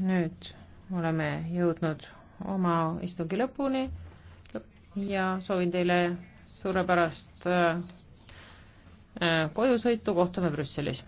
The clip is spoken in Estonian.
nüüd oleme jõudnud oma istungi lõpuni ja soovin teile suurepärast äh, äh, kojusõitu, kohtume Brüsselis.